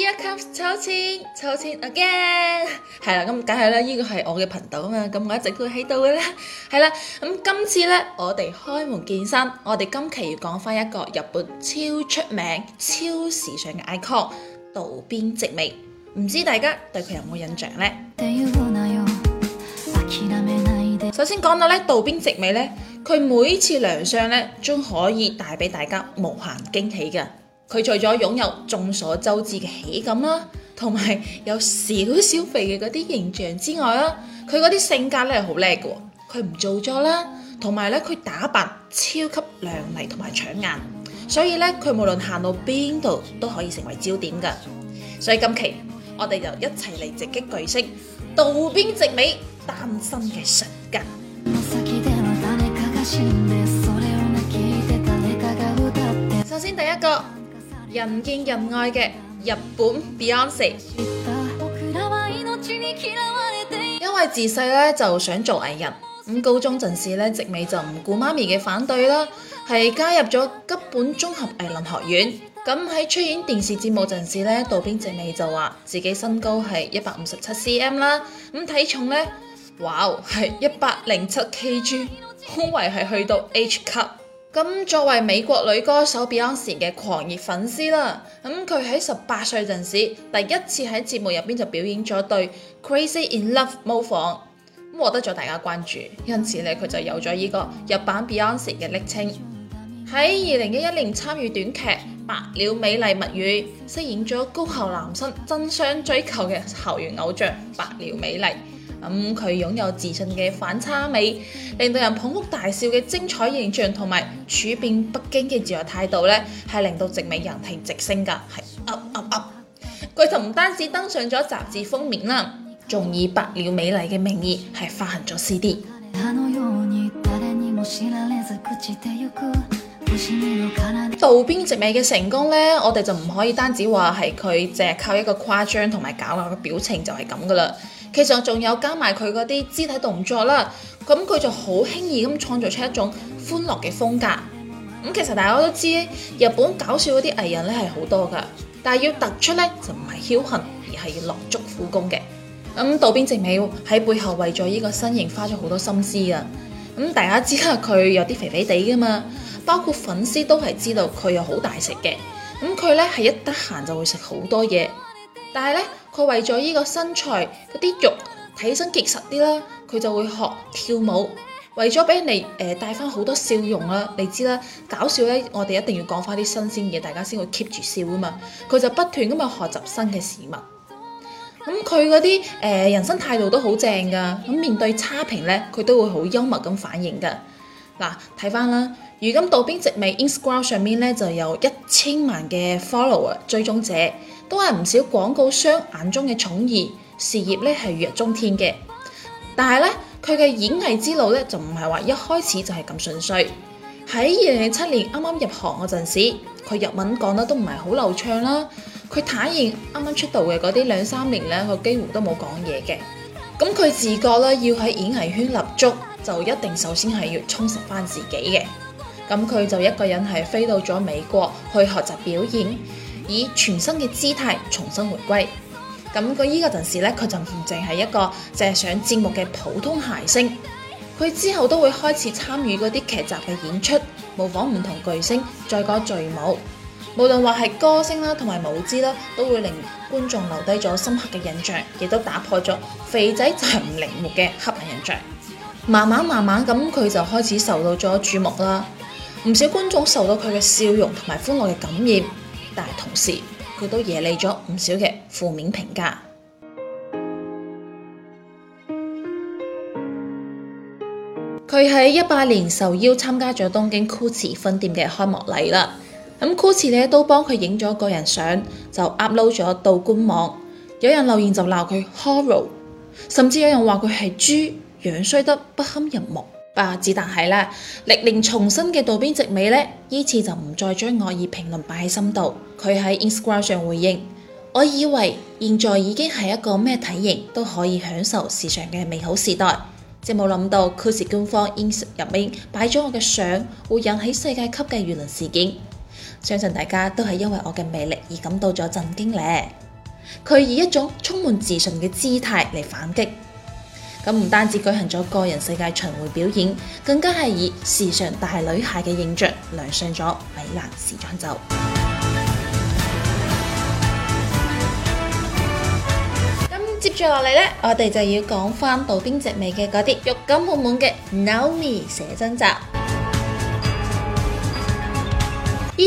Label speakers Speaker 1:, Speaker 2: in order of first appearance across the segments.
Speaker 1: 一集秋千，秋千 again，係啦，咁梗係啦，依個係我嘅頻道啊嘛，咁我一直都會喺度嘅啦，係 啦，咁今次呢，我哋開門見山，我哋今期要講翻一個日本超出名、超時尚嘅 icon—— 渡邊直美，唔知大家對佢有冇印象呢？ 首先講到呢渡邊直美呢，佢每次亮相呢，總可以帶俾大家無限驚喜嘅。佢除咗擁有眾所周知嘅喜感啦，同埋有少少肥嘅嗰啲形象之外啦，佢嗰啲性格咧係好叻嘅。佢唔做作啦，同埋咧佢打扮超級亮麗同埋搶眼，所以呢，佢無論行到邊度都可以成為焦點嘅。所以今期我哋就一齊嚟直擊巨星渡邊直美單身嘅瞬間。首先第一個。人見人愛嘅日本 Beyonce，因為自細咧就想做藝人，咁高中陣時咧，直美就唔顧媽咪嘅反對啦，係加入咗吉本綜合藝能學院。咁喺出演電視節目陣時咧，渡邊直美就話自己身高係一百五十七 cm 啦，咁體重咧，哇哦係一百零七 kg，胸圍係去到 H c 咁作為美國女歌手碧昂絲嘅狂熱粉絲啦，咁佢喺十八歲陣時，第一次喺節目入邊就表演咗對《Crazy in Love》模仿，咁獲得咗大家關注，因此咧佢就有咗呢個日版碧昂絲嘅暱稱。喺二零一一年參與短劇《白鳥美麗物語》，飾演咗高校男生爭相追求嘅校園偶像白鳥美麗。咁佢擁有自信嘅反差美，令到人捧腹大笑嘅精彩形象同埋處變不驚嘅自由態度咧，係令到直美人氣直升噶係 up up up，佢就唔單止登上咗雜誌封面啦，仲以白鳥美麗嘅名義係發行咗 CD。渡邊直美嘅成功咧，我哋就唔可以單止話係佢淨係靠一個誇張同埋搞笑嘅表情就係咁噶啦。其實仲有加埋佢嗰啲肢體動作啦，咁佢就好輕易咁創造出一種歡樂嘅風格。咁其實大家都知，日本搞笑嗰啲藝人咧係好多㗎，但係要突出咧就唔係僥倖，而係要落足苦功嘅。咁渡邊直美喺背後為咗呢個身形花咗好多心思啊！咁大家知啦，佢有啲肥肥地㗎嘛，包括粉絲都係知道佢有好大食嘅。咁佢咧係一得閒就會食好多嘢。但係咧，佢為咗呢個身材嗰啲肉睇起身結實啲啦，佢就會學跳舞，為咗俾人哋誒帶翻好多笑容啦。你知啦，搞笑咧，我哋一定要講翻啲新鮮嘢，大家先會 keep 住笑啊嘛。佢就不斷咁去學習新嘅事物。咁佢嗰啲誒人生態度都好正噶。咁面對差評咧，佢都會好幽默咁反應噶。嗱，睇翻啦，如今渡邊直美 Instagram 上面咧就有一千萬嘅 follower 追蹤者。都係唔少廣告商眼中嘅寵兒，事業呢係如日中天嘅。但係呢，佢嘅演藝之路呢就唔係話一開始就係咁順遂。喺二零零七年啱啱入行嗰陣時，佢日文講得都唔係好流暢啦。佢坦言，啱啱出道嘅嗰啲兩三年呢，佢幾乎都冇講嘢嘅。咁佢自覺呢要喺演藝圈立足，就一定首先係要充實返自己嘅。咁佢就一個人係飛到咗美國去學習表演。以全新嘅姿態重新回歸，咁佢依個陣時咧，佢就唔淨係一個淨係上節目嘅普通諧星。佢之後都會開始參與嗰啲劇集嘅演出，模仿唔同巨星，載歌載舞，無論話係歌聲啦，同埋舞姿啦，都會令觀眾留低咗深刻嘅印象，亦都打破咗肥仔就唔靈活嘅刻板印象。慢慢慢慢咁，佢就開始受到咗注目啦，唔少觀眾受到佢嘅笑容同埋歡樂嘅感染。但同時，佢都惹嚟咗唔少嘅負面評價。佢喺一八年受邀參加咗東京 GUCCI 分店嘅開幕禮啦，咁 GUCCI 呢，都幫佢影咗個人相，就 upload 咗到官網。有人留言就鬧佢 horror，甚至有人話佢係豬，樣衰得不堪入目。啊，只但係啦，歷年重新嘅渡邊直美呢，依次就唔再將惡意評論擺喺心度。佢喺 Instagram 上回應：我以為現在已經係一個咩體型都可以享受時尚嘅美好時代，即冇諗到 Kush 官方 Instagram 入面擺咗我嘅相，會引起世界級嘅輿論事件。相信大家都係因為我嘅魅力而感到咗震驚咧。佢以一種充滿自信嘅姿態嚟反擊。咁唔單止舉行咗個人世界巡回表演，更加係以時尚大女孩嘅形象亮相咗米蘭時裝周。咁、嗯、接住落嚟咧，我哋就要講翻渡邊直美嘅嗰啲肉感滿滿嘅 Know Me 寫真集。呢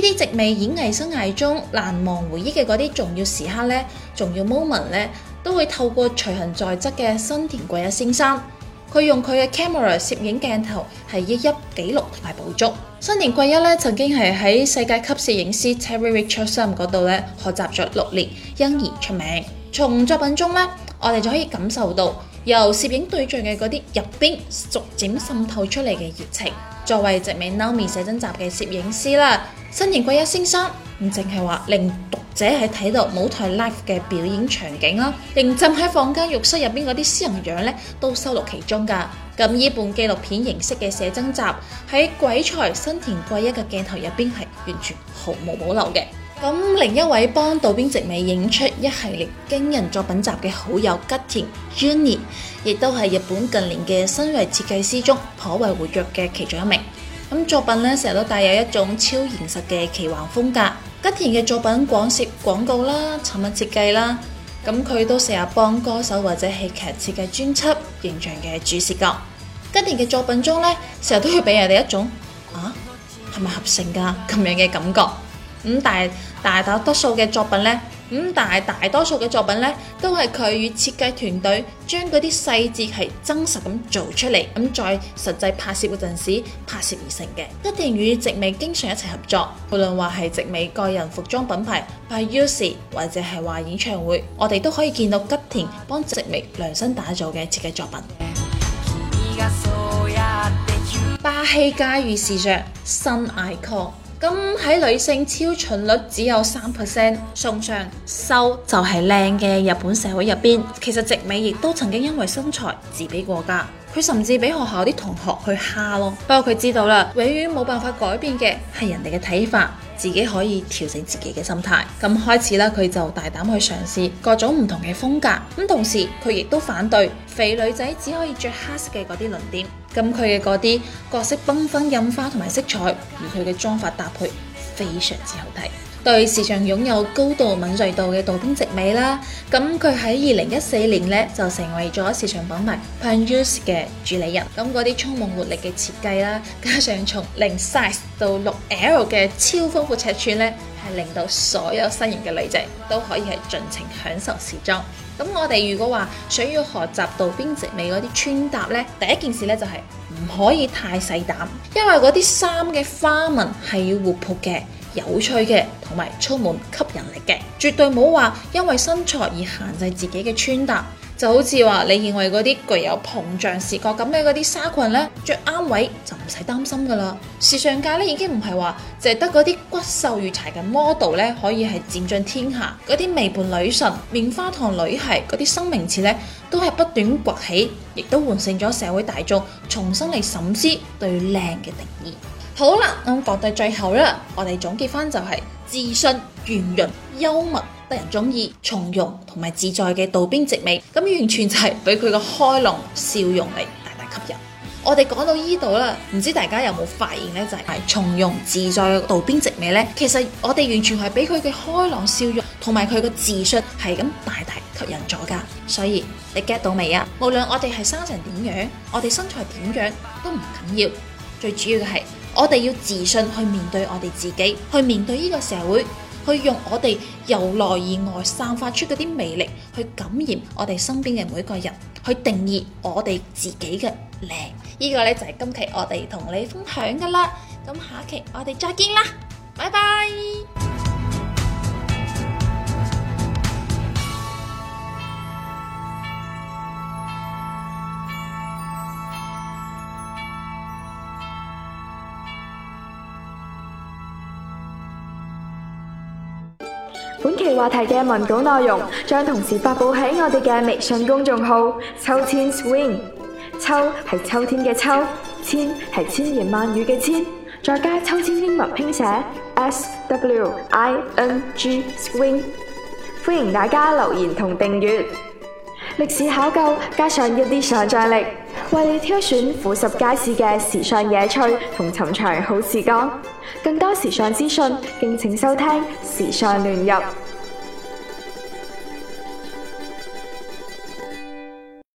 Speaker 1: 啲直美演藝生涯中難忘回憶嘅嗰啲重要時刻咧，仲要 moment 咧。都會透過隨行在側嘅新田貴一先生，佢用佢嘅 camera 攝影鏡頭係一一記錄同埋捕捉。新田貴一咧，曾經係喺世界級攝影師 Terry Richardson 嗰度咧，學習咗六年，因而出名。從作品中咧，我哋就可以感受到由攝影對象嘅嗰啲入邊逐漸滲透出嚟嘅熱情。作為直美 Nomi 寫真集嘅攝影師啦，新田貴一先生唔淨係話令獨。者係睇到舞台 live 嘅表演場景啦，連浸喺房間浴室入邊嗰啲私人樣咧都收錄其中㗎。咁依本紀錄片形式嘅寫真集喺鬼才新田貴一嘅鏡頭入邊係完全毫無保留嘅。咁、嗯、另一位幫渡邊直美影出一系列驚人作品集嘅好友吉田 Junie，亦都係日本近年嘅新銳設計師中頗為活躍嘅其中一名。咁作品呢，成日都帶有一種超現實嘅奇幻風格。吉田嘅作品廣涉廣告啦、產品設計啦，咁佢都成日幫歌手或者戲劇設計專輯形象嘅主視覺。吉田嘅作品中呢，成日都會俾人哋一種啊，係咪合成噶咁樣嘅感覺？咁大大多數嘅作品呢，咁大大多數嘅作品呢，都係佢與設計團隊將嗰啲細節係真實咁做出嚟，咁在實際拍攝嗰陣時拍攝而成嘅。吉田與直美經常一齊合作，無論話係直美個人服裝品牌，或 Uzi，或者係話演唱會，我哋都可以見到吉田幫直美量身打造嘅設計作品。霸氣街與時裝新 Icon。咁喺女性超巡率只有三 percent，崇尚瘦就係靚嘅日本社會入邊，其實直美亦都曾經因為身材自卑過㗎，佢甚至俾學校啲同學去蝦咯。不過佢知道啦，永遠冇辦法改變嘅係人哋嘅睇法。自己可以調整自己嘅心態，咁開始啦，佢就大膽去嘗試各種唔同嘅風格。咁同時佢亦都反對肥女仔只可以著黑色嘅嗰啲裙點。咁佢嘅嗰啲各色繽紛印花同埋色彩，與佢嘅妝髮搭配非常之好睇。對市場擁有高度敏銳度嘅渡邊直美啦，咁佢喺二零一四年呢，就成為咗時尚品牌 PUNYUS 嘅主理人，咁嗰啲充滿活力嘅設計啦，加上從零 size 到六 L 嘅超豐富尺寸呢，係令到所有身形嘅女仔都可以係盡情享受時裝。咁我哋如果話想要學習渡邊直美嗰啲穿搭呢，第一件事咧就係唔可以太細膽，因為嗰啲衫嘅花紋係要活潑嘅。有趣嘅同埋充滿吸引力嘅，絕對冇話因為身材而限制自己嘅穿搭。就好似話你認為嗰啲具有膨脹視覺咁嘅嗰啲紗裙呢，着啱位就唔使擔心噶啦。時尚界呢已經唔係話淨係得嗰啲骨瘦如柴嘅 model 呢可以係佔盡天下，嗰啲微胖女神、棉花糖女孩嗰啲新名詞呢，都係不斷崛起，亦都喚醒咗社會大眾重新嚟審視對靚嘅定義。好啦，咁講到最後啦，我哋總結翻就係、是、自信、圓融、幽默、得人中意、從容同埋自在嘅渡邊直美，咁完全就係俾佢個開朗笑容嚟，大大吸引。我哋講到呢度啦，唔知大家有冇發現咧、就是，就係從容自在嘅渡邊直美咧，其實我哋完全係俾佢嘅開朗笑容同埋佢個自信係咁大大吸引咗噶。所以你 get 到未啊？無論我哋係生成點樣，我哋身材點樣都唔緊要，最主要嘅係。我哋要自信去面對我哋自己，去面對呢個社會，去用我哋由內而外散發出嗰啲魅力，去感染我哋身邊嘅每個人，去定義我哋自己嘅靚。這個、呢個咧就係、是、今期我哋同你分享噶啦。咁下期我哋再見啦，拜拜。本期話題嘅文稿內容將同時發佈喺我哋嘅微信公眾號“秋千 swing”。秋係秋天嘅秋」，「千」係千言萬語嘅千」，再加秋千英文拼寫 S W I N G swing。歡迎大家留言同訂閱。歷史考究加上一啲想象力。為你挑選富十街市嘅時尚野趣同尋常好時光，更多時尚資訊，敬請收聽《時尚亂入》。